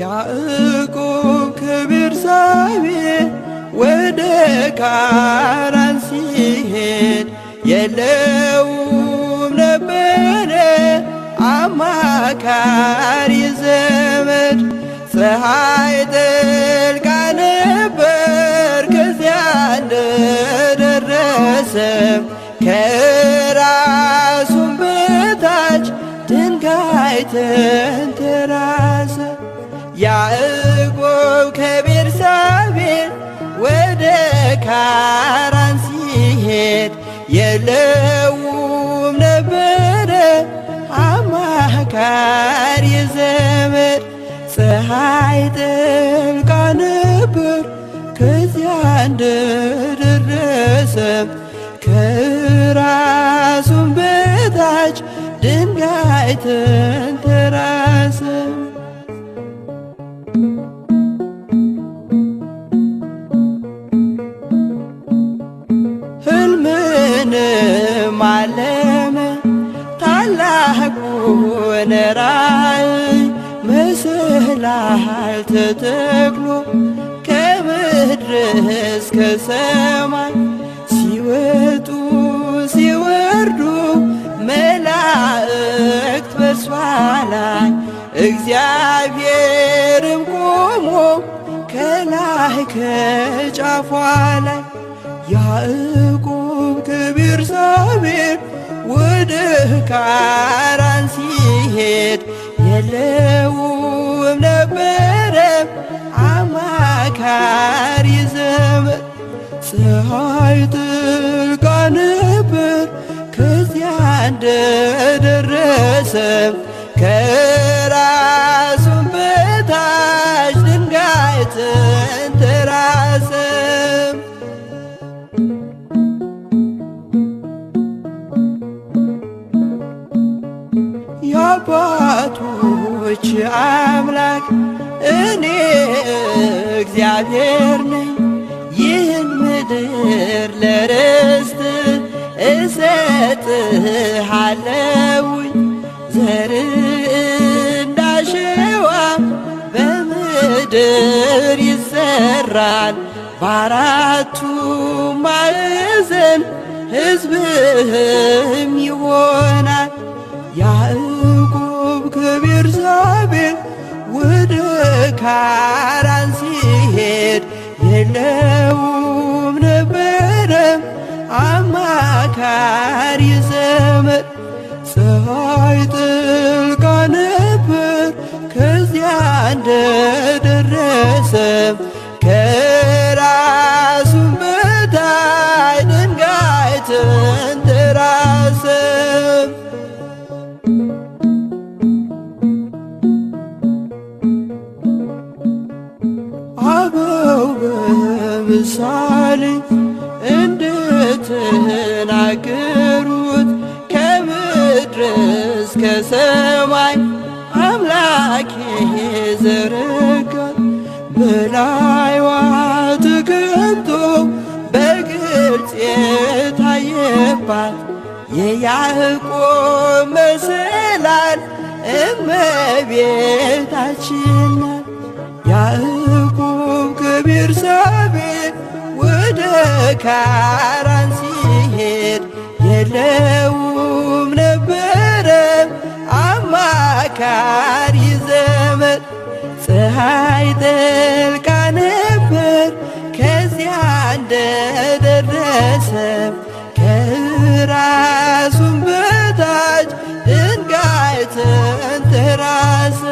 ያዕቆብ ከቤርሳቤ ወደ ካራን ሲሄድ የለውም ነበረ አማካሪ ዘመድ። ፀሐይ ጠልቃ ነበር ከዚያ እንደደረሰ ከራሱም በታች ድንጋይ ተንተራሰ። ያዕቆብ ከቤርሳቤ ወደ ካራን ሲሄድ የለውም ነበረ አማካሪ ዘመድ። ፀሐይ ጠልቃ ነበር ከዚያ እንደደረሰም ከራሱም በታች ድንጋይትን ነራይ ምስላሃል ተተክሎ ከምድር እስከ ሰማይ ሲወጡ ሲወርዱ መላእክት በእርሷ ላይ እግዚአብሔርም ቆሞ ከላይ ከጫፏ ላይ ያዕቆብ ክብር ሳቤር ወደ ካራን ሲ ብሄድ የለውም ነበረ አማካሪ ዘመድ። ፀሐይ ጥልቃ ነበር ከዚያ እንደደረሰ የአምላኮች አምላክ እኔ እግዚአብሔር ነኝ። ይህን ምድር ለርስት እሰጥሃለውኝ ዘር እንዳሸዋ በምድር ይዘራል በአራቱ ማዕዘን ሕዝብህ ካራን ሲሄድ የለውም ነበረ አማካሪ ዘመድ ፀሐይ ጥልቃ ነበር ከዚያ እንደደረሰም ተናገሩት ከምድር እስከ ሰማይ አምላክ ዘረጋት በላይዋ ተቀምጦ በግልጽ የታየባት የያዕቆብ መሰላል እመቤታችን ናት። ያዕቆብ ከቤርሳቤህ ወደ ካራን የለውም ነበረ አማካሪ ዘመን። ፀሐይ ጠልቃ ነበር ከዚያ እንደደረሰ ከራሱን በታች ድንጋይ ተንተራሰ።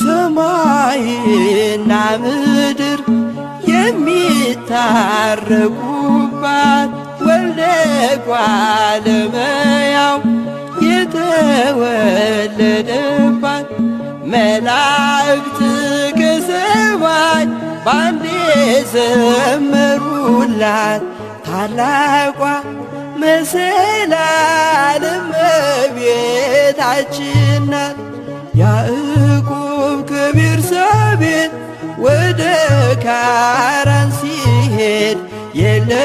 ሰማይ ታረቁባት ወልደ ጓለመያው የተወለደባት መላእክት ከሰማይ ባንዴ ዘመሩላት ታላቋ መሰላል እመቤታችን ናት። ያዕቆብ ከቤርሳቤህ ወደ ካራን የለም